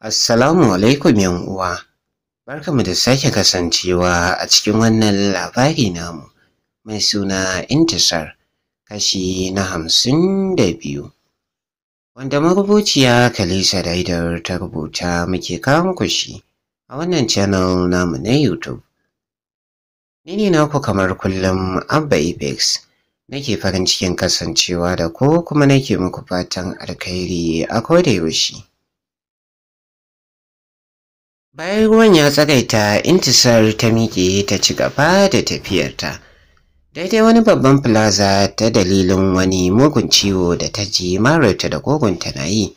Assalamu alaikum yan uwa. Barkamu da sake kasancewa a cikin wannan labari namu mai suna Intisar kashi na hamsin da biyu. Wanda marubuciya Kalisa Daidar ta rubuta muke kawo muku shi a wannan channel namu na YouTube. Ni ne naku kamar kullum Abba Ibex nake farin cikin kasancewa da ko kuma nake muku fatan alkhairi a koda Bayan ruwan ya tsagaita intisar ta miƙe ta ci gaba da tafiyarta. Daidai wani babban plaza ta dalilin wani mugun ciwo da ta ji mararta da kogunta na yi.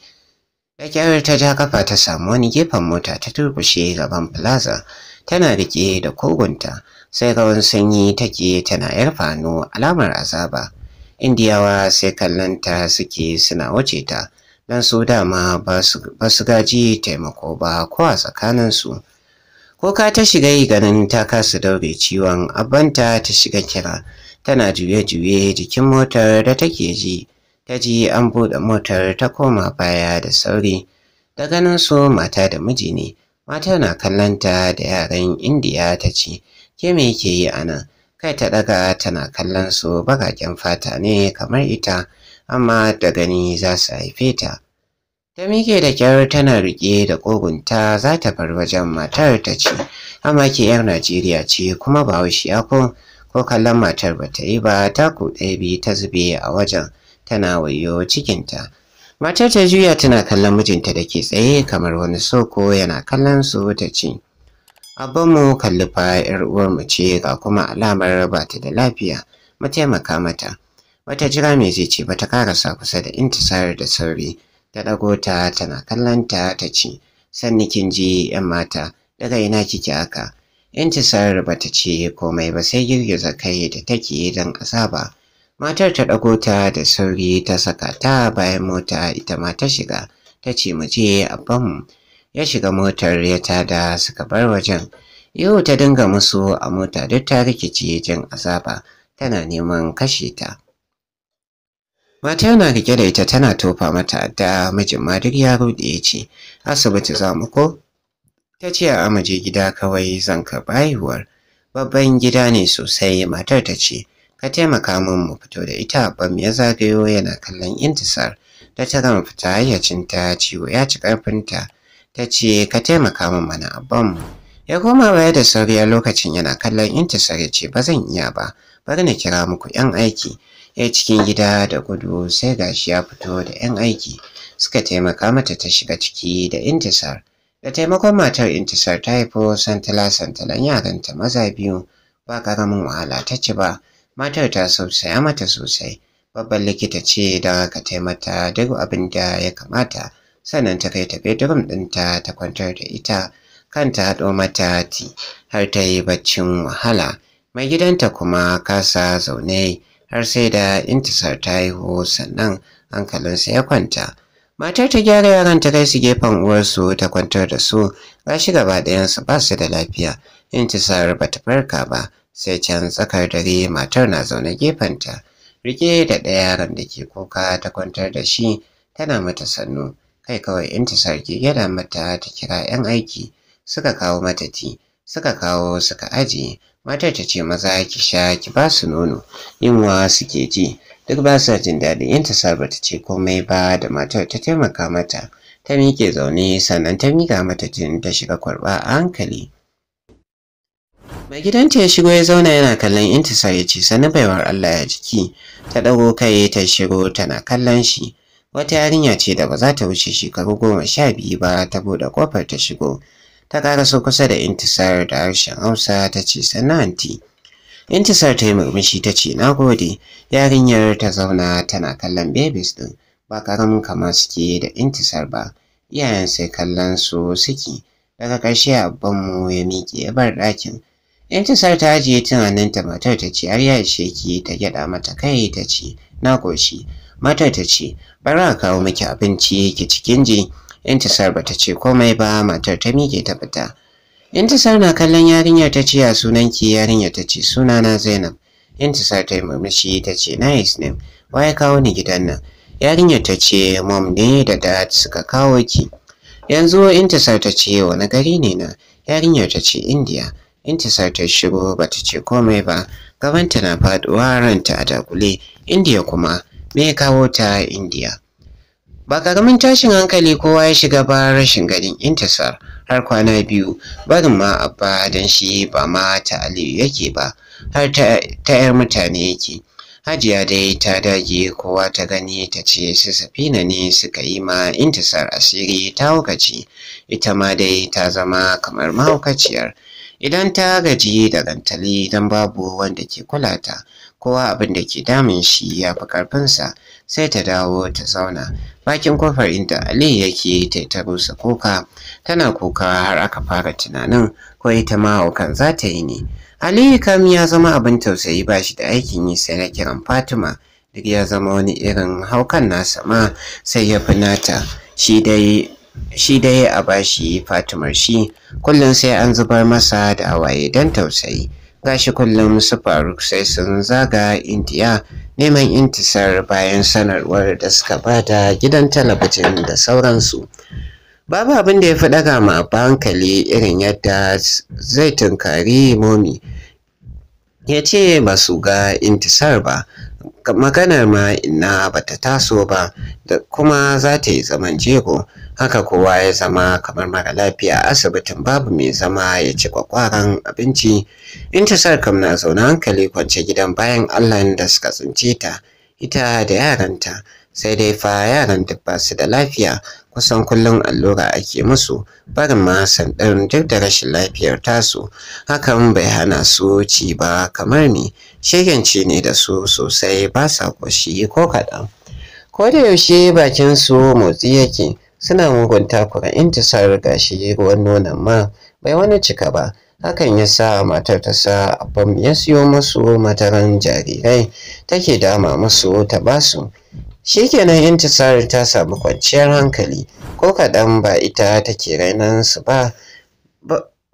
Da kyar ta ja kafa ta samu wani gefen mota ta turkushe gaban plaza tana riƙe da kogunta sai rawan sanyi take tana yar fano alamar azaba. Indiyawa sai kallon ta suke suna wuce ta dan su dama ba su gaji taimako ba ko a tsakaninsu ko ka ta shiga yi ganin ta kasa daure ciwon abanta ta shiga kira tana juye-juye jikin motar da take ji ta ji an buɗe motar ta koma baya da sauri Da ganin su mata da miji ne mata na kallonta da yaran indiya ta ce ke me yake yi anan? kai ta daga tana kallon su bakaken fata ne kamar ita amma da gani za su haife ta ta mike da kyar tana riƙe da ƙugunta za ta bar wajen matar ta ce amma ke yar najeriya ce kuma ba ya ko ko kallon matar ba ta yi ba ta ɗaya biyu ta zube a wajen tana wayo cikinta matar ta juya tana kallon mijinta da ke tsaye kamar wani soko yana kallon su ta ce mu kalli fa 'yar mu ce ga kuma alamar ba ta da lafiya mu taimaka mata Wata jira mai zai ce bata karasa kusa da intisar da sauri ta ɗago ta tana kallon ta ce sanni kin ji 'yan mata daga ina kike haka. Intisar bata ce komai ba sai girgiza kai da take don azaba. Matar ta ɗago ta da sauri ta saka ta bayan mota ita ma ta shiga ta ce mu je abban ya shiga motar ya tada suka bar wajen. Yau ta dinga musu a mota duk ta rikice jin azaba tana neman kashe ta. Mata na rike da ita tana tofa mata da mijin ma duk ya rude ya ce, Asibiti za mu ko? Ta ce a amaje gida kawai zan ka bayuwar. Babban gida ne sosai matar ta ce, Ka taimaka min mu fito da ita bam ya zagayo yana kallon intisar. Ta ta zan fita hayyacinta ciwo ya ci ƙarfinta. Ta ce ka taimaka min mana abban mu. Ya koma baya da sauri a lokacin yana kallon intisar ya ce ba zan iya ba. Bari na kira muku 'yan aiki. ya cikin gida da gudu sai ga shi ya fito da 'yan aiki suka taimaka mata ta shiga ciki da intisar da taimakon matar intisar ta haifo santala santalan yaranta maza biyu ba karamin wahala ta ci ba matar ta sausaya mata sosai babban likita ce da ka taimata duk abin da ya kamata sannan ta kai ta bedroom ɗinta ta kwantar da ita kanta haɗo mata ti har ta yi baccin wahala mai gidanta kuma kasa zaune har sai da intisar ta haihu sannan hankalinsa ya kwanta matar ta gyara yaran ta kai su gefen uwarsu ta kwantar da su gashi gaba ɗayansu ba su da lafiya intisar ba ta farka ba sai can tsakar dare matar na zaune gefenta rike da ɗaya yaran da ke kuka ta kwantar da shi tana mata sannu kai kawai intisar ke gyara mata ta kira 'yan aiki suka kawo mata ti suka kawo suka ajiye matar ta ce maza ki sha ki ba su nono yunwa suke ji duk ba su jin daɗi yin ta saba ta ce komai ba da matar ta taimaka mata ta miƙe zaune sannan ta miƙa mata tun ta shiga kwarɓa a hankali mai gidanta ya shigo ya zauna yana kallon intisar ya ce sani baiwar Allah ya jiki ta ɗago kai ta shigo tana kallon shi wata yarinya ce da ba za ta wuce shekaru goma sha biyu ba ta buɗe ƙofar ta shigo ta so kusa da intisar da harshen hausa ta ce sannan intisar ta yi murmushi ta ce na gode yarinyar ta zauna tana kallon babies din ba karamin kama suke da intisar ba iyayen sai kallon su suke daga ƙarshe abbanmu ya miƙe ya bar ɗakin intisar ta ajiye tunaninta matar ta ce har ya ishe ki ta gyaɗa mata kai ta ce na ƙoshi matar ta ce bari a kawo miki abinci ki cikin ji Intisar bata ce komai ba matar ta mike ta fita. Intisar na kallon yarinyar ta ce ya sunanki yarinyar ta ce sunana Zainab. Intisar ta yi murmushi ta ce nice name waye kawo ni gidan nan. Yarinyar ta ce mom ne da dad suka kawo ki. Yanzu Intisar ta ce wani gari ne na. Yarinyar ta ce India. Intisar ta shigo bata ce komai ba. Gabanta na faduwa ranta a dakule. India kuma me kawo ta India? ba karamin tashin hankali kowa ya shiga ba rashin garin intasar har kwana biyu barin ma abba don shi ba ma ta aliyu yake ba har ta yar mutane yake hajiya dai ta dage kowa ta gani ta ce su safina ne suka yi ma intasar asiri ta hukaci ita ma dai ta zama kamar mahaukaciyar idan ta gaji da gantali don babu wanda ke kula ta kowa abin da ke damun shi ya fi karfinsa sai ta dawo ta zauna bakin kofar inda ali yake ta ta rusa kuka tana kuka har aka fara tunanin ko ita ma hukan za ta yi ne ali kam ya zama abin tausayi ba shi da aikin yi sai na kiran fatima duk ya zama wani irin haukan nasa ma sai ya fi nata shi dai shi dai a bashi fatimar shi kullum sai an zubar masa da awaye don tausayi Ga shi kullum su faruk sai sun zaga indiya neman intisar bayan sanarwar da suka bada gidan talabijin da sauransu babu abin da ya fi daga ma hankali irin yadda zai tunkari momi ya ce ba su ga intisar ba maganar ma inna bata taso ba da kuma za ta yi zaman jego haka kowa ya zama kamar mara lafiya asibitin babu mai zama ya ci kwakwaran abinci intisar kam na zaune hankali kwance gidan bayan allah da suka tsince ta ita da yaranta sai dai fa yaran duk ba su da lafiya kusan kullum allura ake musu barin ma sandan duk da rashin lafiyar tasu hakan bai hana su ci ba kamar ni shigance ne da su sosai ba sa ƙoshi ko kaɗan ko da yaushe bakin su motsi yake suna mugunta takura intisar gashi ruwan nonon ma bai wani cika ba hakan ya sa matar ta sa abban ya siyo masu mataran jarirai take dama musu ta basu shikenan intisari ta sami kwanciyar hankali ko kaɗan ba ita take rainan su ba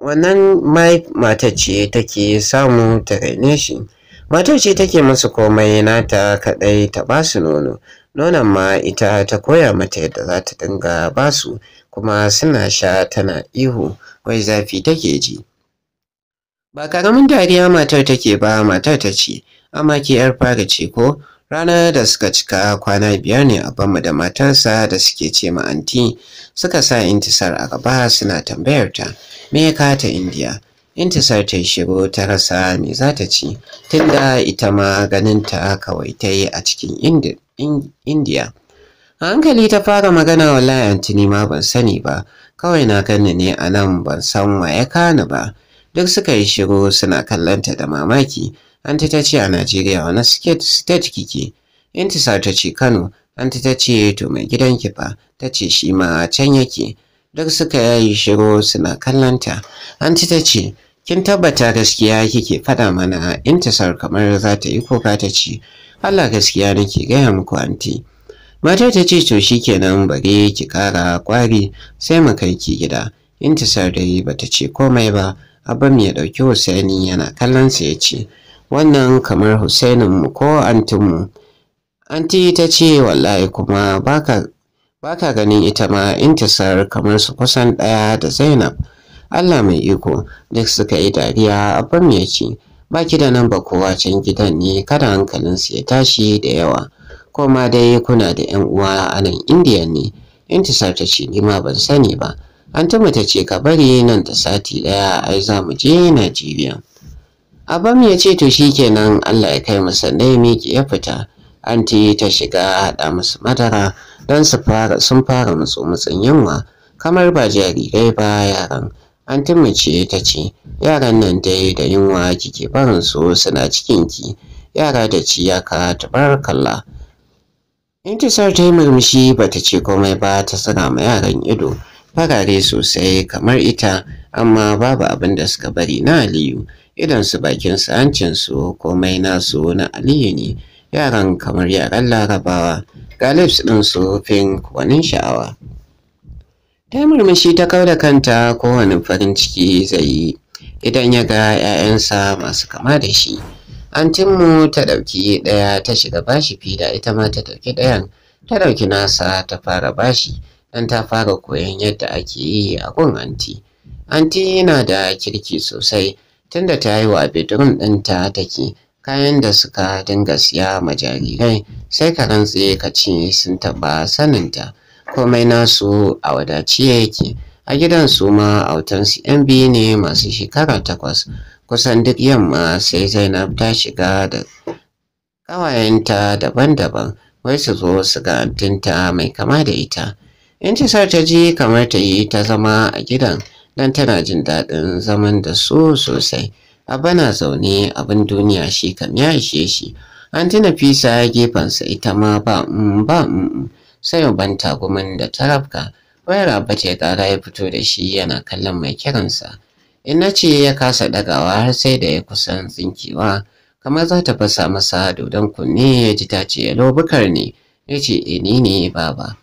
wannan mai matar ce take samu ta raine shi matar ce take musu komai nata kaɗai ta basu nono nonon ma ita ta koya mata yadda za ta dinga basu kuma suna sha tana ihu wai zafi take ji Ba karamin dariya matar take ba matar ta ce, amma ke ‘yar fara ce ko ranar da suka cika kwana biyar ne a bamu da matarsa da suke ce ma anti suka sa intisar a gaba suna tambayar ta me ka ta indiya intisar ta shigo ta rasa me za ta ci tunda ita ma ganin ta kawai ta yi a cikin indiya a hankali ta fara magana wallahi anti ma ban sani ba kawai na gani ne a nan ban san wa ya kani ba duk suka yi shiru suna kallonta da mamaki anti ta ce a najeriya wani state kike intisa ta ce kano anti ta ce to mai gidan kifa ta ce shi ma can yake duk suka yi shiru suna kallonta anti ta ce kin tabbata gaskiya kike faɗa mana intisar kamar za ta yi kuka ta ce allah gaskiya nake gaya muku anti matar ta ce to shi nan bari ki kara kwari sai mu kai ki gida intisar dai bata ce komai ba Abam ya ɗauki Husaini yana kallonsa ya ce, Wannan kamar Husainin mu ko antinmu. Anti ta ce wallahi kuma baka baka ganin ita ma intisar kamar su kusan ɗaya da Zainab. Allah mai iko duk suka yi dariya Abam ya ce ba ki da nan ba kowa can gidan ne kada hankalinsu ya tashi da yawa Koma dai kuna da yan uwa a nan indiya ne intisar ta ce ni ma ban sani ba an ta ce ka bari nan da sati ɗaya ai za mu je Najeriya. Abam ya ce to shikenan Allah ya kai mu ne miki ya fita. Anti ta shiga haɗa musu madara don su fara sun fara mutsu mutsun yunwa kamar ba jarirai ba yaran. An ce ta ce yaran nan dai da yunwa kike barin su suna cikin ki yara da ci ya ciyaka kalla. Intisar ta yi murmushi ba ta ce komai ba ta tsira ma yaran ido. farare sosai kamar ita amma babu abin da suka bari na aliyu idan su bakin su hancin su komai nasu na aliyu ne yaran kamar yaran larabawa ga lips ɗin su pink wani sha'awa ta murmushi ta kau da kanta kowane farin ciki zai yi idan ya ga 'ya'yansa masu kama da shi antinmu ta ɗauki ɗaya ta shiga bashi fida ita ma ta ɗauki ɗayan ta ɗauki nasa ta fara bashi dan ta fara koyon yadda ake yi a gun anti anti yana da kirki sosai tunda ta yi wa bedroom ta take kayan da suka dinga siya ma jarirai sai ka rantse ka ce sun taɓa saninta komai nasu a wadaci yake a gidan su ma autansu yan biyu ne masu shekara takwas kusan duk yamma sai zainab ta shiga da ƙawayenta daban-daban wai su zo su ga antinta mai kama da ita intisar ta ji kamar ta yi ta zama a gidan don tana jin daɗin zaman da su sosai a bana zaune abin duniya shi kam ya ishe shi an tuna fisa gefensa ita ma ba mm, ba mm, sai ban tagumin da tarafka. wayar abba ce ya fito da shi yana kallon mai kiransa ina ce ya kasa ɗagawa har sai da ya kusan tsinkewa kamar za ta fasa masa dodon kunne ya ji ta ce lobukar ne ya ce eh, ni ne baba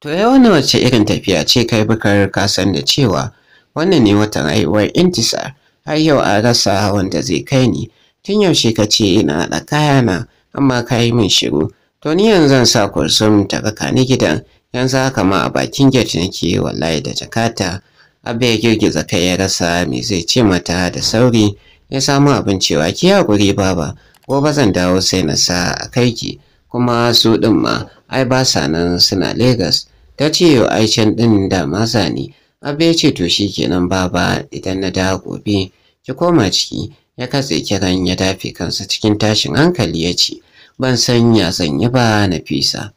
To ya wannan wace irin tafiya ce kai bukar kasan da cewa wannan ne wata rayuwar intisa. har yau a rasa wanda zai kai ni tun yaushe ka ce ina da kayana amma ka yi min shiru to ni yanzu zan sa kursum ta raka ni gidan yanzu haka ma a bakin gate nake wallahi da jakata abba ya girgiza kai ya rasa me zai ce mata da sauri ya samu abin cewa ki hakuri baba gobe zan dawo sai na sa a kai ki kuma su ɗin ma ai ba sa nan suna Legas. Ta ce yau ai can ɗin da maza ne. Abba ya ce to shi kenan baba idan na da gobe ki koma ciki. Ya katse kiran ya dafe kansa cikin tashin hankali ya ce ban san ya yi ba na fisa.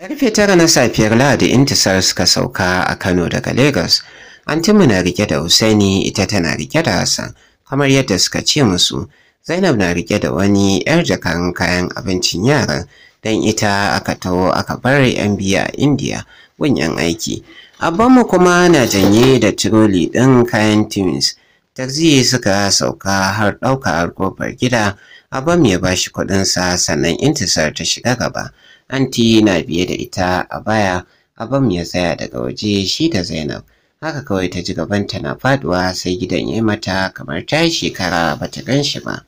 Karfe tara na safiyar Lahadi Intisar suka sauka a Kano daga Legas. Antimu na rike da Usaini ita tana rike da Hassan kamar yadda suka ce musu Zainab na rike da wani 'yar jakan kayan abincin yaran don ita aka taho aka bar 'yan biya a Indiya gun 'yan aiki. Abbanmu kuma na janye da tiroli ɗin kayan Timis. Taxi suka sauka har ɗauka har kofar gida. Abam ya ba bashi kuɗinsa sannan intisar ta shiga gaba. Anti na biye da ita a baya. Abam ya tsaya daga waje shi da Zainab. Haka kawai ta ji gabanta na faduwa sai gidan ya mata kamar ta shekara bata gan shi ba.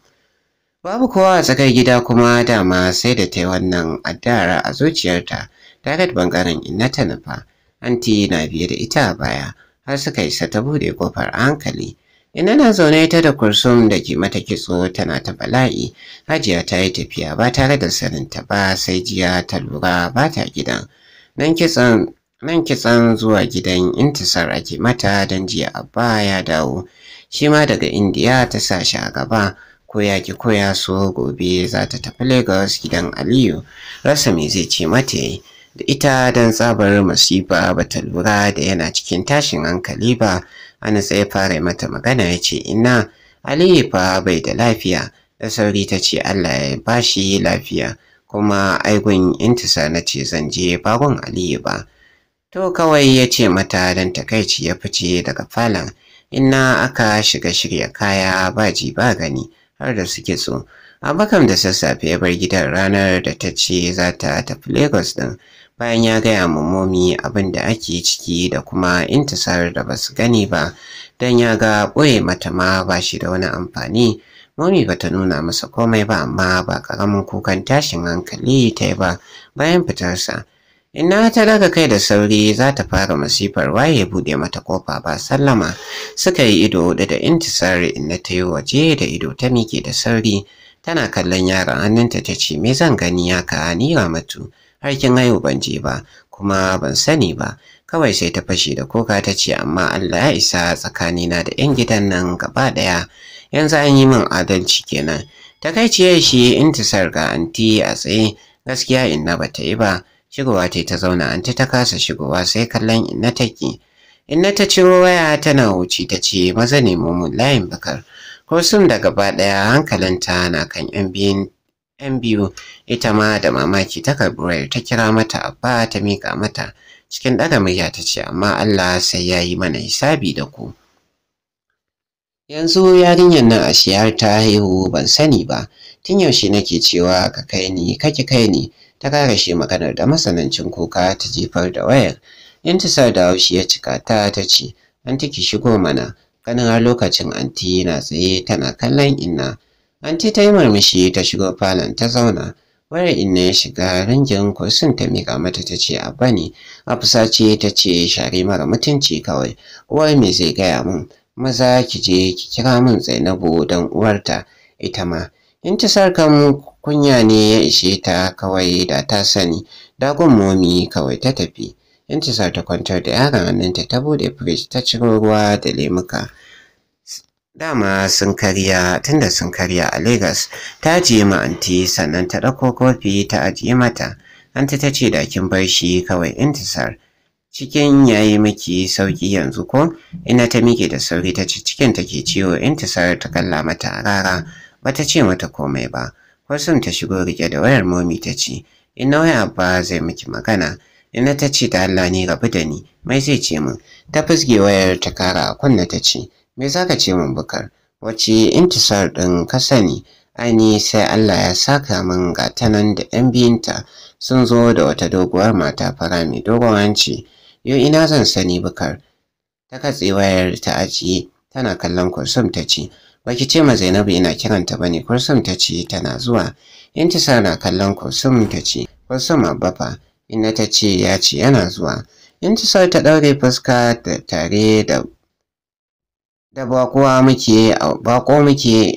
Babu kowa a tsakar gida kuma dama sai da ta yi wannan addara a zuciyarta ta ga bangaren inna ta nufa. Anti na biye da ita a baya har suka isa ta bude kofar hankali. Inna na zaune ta da kursum da ke mata kitso tana ta bala'i. Hajiya ta yi tafiya ba tare da saninta ba sai jiya ta lura ba ta gidan. Nan kitson nan kitsan zuwa gidan intisar ake mata don jiya abba ya dawo shi ma daga indiya ta sa shi a gaba Koya ki koya so gobe za ta tafi Lagos gidan Aliyu rasa me zai ce mata yayi da ita dan tsabar masifa bata lura da yana cikin tashin hankali ba ana sai fara mata magana ya ce ina Aliyu fa bai da lafiya da sauri ta ce Allah ya bashi lafiya kuma aigun intisa na ce zan je bagon Aliyu ba to kawai ya ce mata dan takaici ya fice daga falon inna aka shiga shirya kaya ba ba gani har da suke so abakam da sassafe ya bar gidan ranar da ta ce za ta tafi lagos din bayan ya gaya mu Momi abin da ake ciki da kuma intisar da ba su gani ba don ya ga ɓoye mata ma ba shi da wani amfani Momi bata nuna masa komai ba amma ba karamin kukan tashin hankali ta yi ba bayan fitarsa Inna ta daga kai da sauri za ta fara masifar waye buɗe mata kofa ba sallama suka yi ido hudu da intisari inna ta yi waje da ido ta miƙe da sauri tana kallon yaran hannunta ta ce me zan gani ya ka ni ramatu har kin haihu ban je ba kuma ban sani ba kawai sai ta fashe da koka ta ce amma Allah ya isa tsakani na da 'yan gidan nan gaba ɗaya yanzu an yi min adalci kenan takaiciyar shi intisar ga anti a tsaye gaskiya inna bata yi ba Shigowa ta ta zauna anti ta kasa shigowa sai kallon inna take. Inna ta ciro waya tana wuce ta ce maza ne mu layin bakar. ko sun da gaba ɗaya ta na kan yan biyu ita ma da mamaki ta karbi ta kira mata abba ta mika mata cikin ɗaga murya ta ce amma Allah sai ya yi mana hisabi da ku. Yanzu yarinyar nan a shiyar ta haihu ban sani ba, tun yaushe nake cewa ka kai ni kake kai ni ta kare shi maganar da masanancin kuka ta jefar da wayar intisar da haushi ya cika ta ta ce anti ki shigo mana ganin har lokacin anti na tsaye tana kallon inna anti ta yi murmushi ta shigo falon ta zauna wayar inna ya shiga rangin kursin ta mika mata ta ce abba ne a fusace ta ce share mara mutunci kawai uwar me zai gaya mun maza ki je ki kira mun zainabu don uwarta ita ma intisar kan kunya ne ya ishe ta kawai da ta sani dagon momi kawai ta tafi intisar ta kwantar da yaron hannunta ta bude firij, ta ciro ruwa da lemuka dama sun karya tunda sun karya a Legas ta ajiye ma anti sannan ta ɗauko kofi ta ajiye mata anti ta ce da kin bar shi kawai intisar cikin yayi miki sauki yanzu ko ina ta miƙe da sauri ta ce cikin take ciwo intisar ta kalla mata rara bata ce mata komai ba Kwasan ta shigo rike da wayar momi ta ce ina waya abba zai miki magana ina ta ce ta Allah ne rabu da ni mai zai ce min ta fusge wayar ta kara a kunna ta ce me ka ce min bukar wace intisar ɗin ka sani ani sai Allah ya saka min nan da yan biyinta sun zo da wata doguwar mata fara mai dogon hanci yau ina zan sani bukar ta katse wayar ta ajiye tana kallon kulsum ta ce baki ce ma Zainabu ina kiranta bane kursum ta ce tana zuwa Intisar na kallon kursum ta ce Kulsum abba fa inna ta ce ya ce yana zuwa Intisar ta daure fuska tare da da bakuwa muke bako muke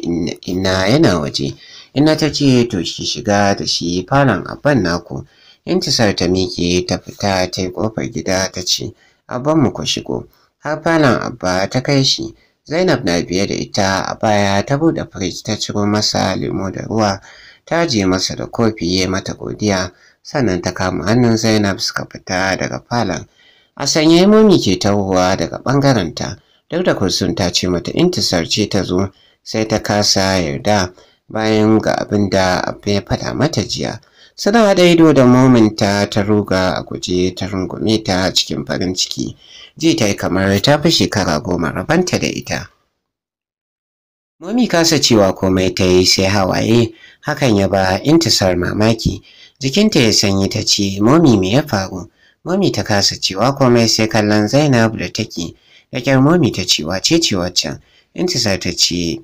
ina yana waje ina ta ce to shi shiga da shi falon abban naku intisar ta miƙe ta fita ta yi gida ta ce abban mu ku shigo har falon abba ta kai shi Zainab na biye da ita a baya ta bude firij ta ciro masa lemo da ruwa ta je masa da kofi ya mata godiya sannan ta kama hannun Zainab suka fita daga falon. A sanye Mami ke tahowa daga ɓangarenta duk da kursun ta ce mata in ta sarce ta zo sai ta kasa yarda bayan ga abin da ya faɗa mata jiya. Suna da ido da mominta ta ruga a guje ta rungume ta cikin farin ciki. ji ta yi kamar ta fi shekara goma rabanta da ita momi kasa cewa komai ta yi sai hawaye hakan ya ba intisar mamaki jikinta ya sanyi ta ce momi me ya faru momi ta kasa cewa komai sai kallon zainab da take da kyar momi ta ce ce waccan intisar ta ce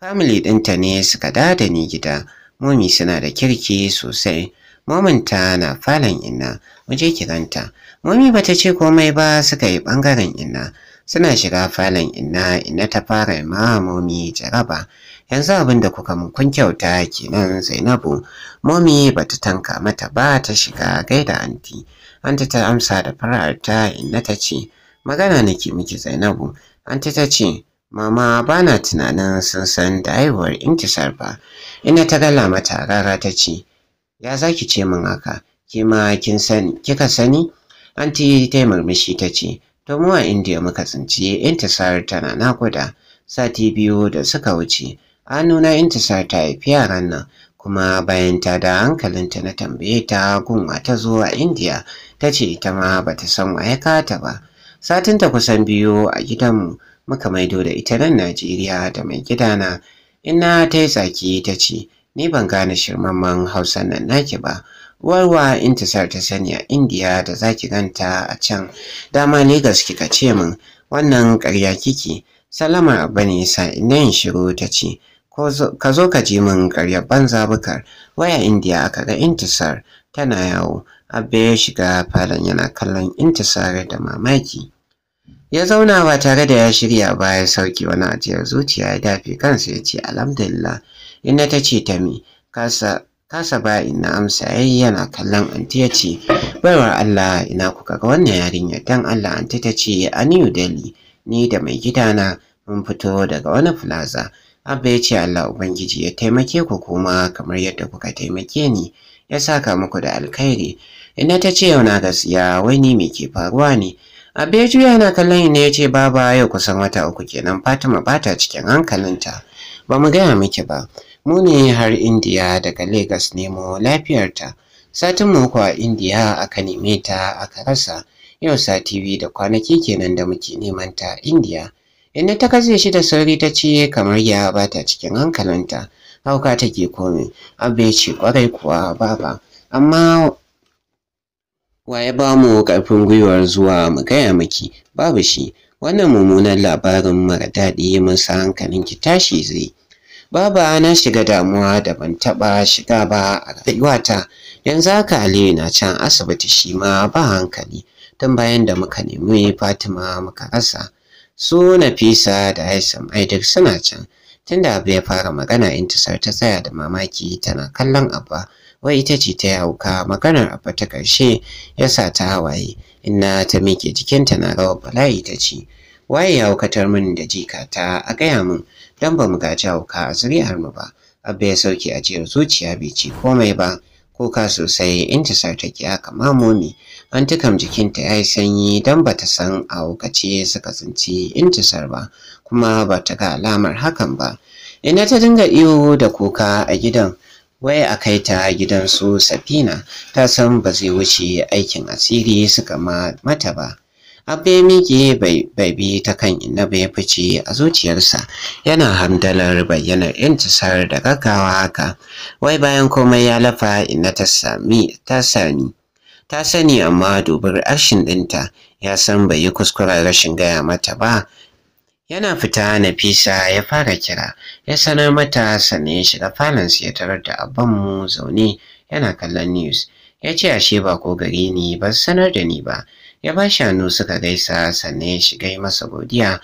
family ɗinta ne suka da ni gida momi suna da kirki sosai ta na falon inna muje kiranta momi bata ce komai ba suka yi bangaren ina, suna shiga falon ina, ina ta fara ma momi jaraba yanzu abinda kuka mun kun kyauta kenan Zainabu momi bata tanka mata ba ta shiga gaida anti anti ta amsa da fararta ina ta ce magana nake miki Zainabu anti ta ce Mama bana tunanin sun san da haihuwar intisar ba, ina ta gala mata rara ta ce, ya zaki ce min haka ki ma kin san kika sani anti ta murmushi ta ce to mu a indiya muka tsinci intisar tana nakuda sati biyu da suka wuce nuna intisar ta haifi yaran nan kuma bayan ta da hankalinta na tambaye ta gunwa ta zo a indiya ta ce ita ma ba ta san waye ta ba satin ta kusan biyu a gidanmu muka maido da ita nan najeriya da mai gidana ina ta yi tsaki ta ce ni ban gane shirmamman hausan nan naki ba warwa intisar ta sani a indiya da zaki ganta a can dama Legas kika ce min wannan karya kiki salama abu ne ina yin shiru ta ce ka zo ka ji min karya banza bukar waya indiya aka ga intisar tana yawo abba ya shiga falon yana kallon intisar da mamaki ya zauna ba tare da ya shirya ba ya sauki wani ajiyar zuciya ya dafe kansa ya ce alhamdulillah inda ta ce ta mi kasa ba ina amsa yayi yana kallon anti ya ce baiwar Allah ina kuka ga wannan yarinya dan Allah anti ta ce a New Delhi ni da mai gidana mun fito daga wani plaza Abba ya ce Allah Ubangiji ya taimake ku kuma kamar yadda kuka taimake ni ya ka muku da alkhairi ina ta ce yau na gaskiya wai ni me ke faruwa ne Abba ya juya yana kallon ina ya ce baba yau kusan wata uku kenan Fatima ba ta cikin hankalinta ba mu gaya miki ba mu har indiya daga lagos nemo lafiyarta satin mu a indiya aka neme ta aka rasa yau sati biyu da kwanaki kenan da muke neman ta indiya inda ta kaze shi da sauri ta ce kamar ya ba ta cikin hankalinta hauka take komai abu ya ce kwarai kuwa baba amma waye ya ba mu gwiwar zuwa mu gaya miki babu shi wannan mummunan labarin mara daɗi mun sa hankalin ki tashi zai baba na shiga damuwa da ban taɓa shiga ba a rayuwata yanzu haka aliyu na can asibiti shi ma ba hankali tun bayan da muka nemi fatima muka rasa su nafisa da aisam ai duk suna can tunda abu ya fara magana intisar ta tsaya da mamaki tana kallon abba wai ita ce ta yauka maganar abba ta ƙarshe ya sa ta hawaye inna ta miƙe jikinta na rawar bala'i ta ce waye ya haukatar min da jikata a gaya min don ba mu gaji auka a har mu ba abba ya sauke a jiyar zuciya bai ci komai ba kuka sosai intasar ta ki aka mamomi an tukam jikinta ya yi sanyi don ba ta san a lokaci suka tsinci intisar ba kuma ba ta ga alamar hakan ba ina ta dinga iyo da kuka a gidan wai a kai ta gidan su safina ta san ba zai wuce aikin asiri suka mata ba abu ya miƙe bai bi ta kan na bai fice a zuciyarsa yana hamdalar bayyanar intisar da gaggawa haka. Wai bayan komai ya lafa Inna ta sami ta sani. Ta sani amma dubar arshin ɗinta ya san bai yi kuskuren rashin gaya mata ba. Yana fita Nafisa ya fara kira ya sanar mata sannan ya shiga falansa ya tarar da mu zaune yana kallon news. Ya ce ashe ba ko gari ne ba sanar da ni ba. ya ba shi suka gaisa sannan ya shiga masa godiya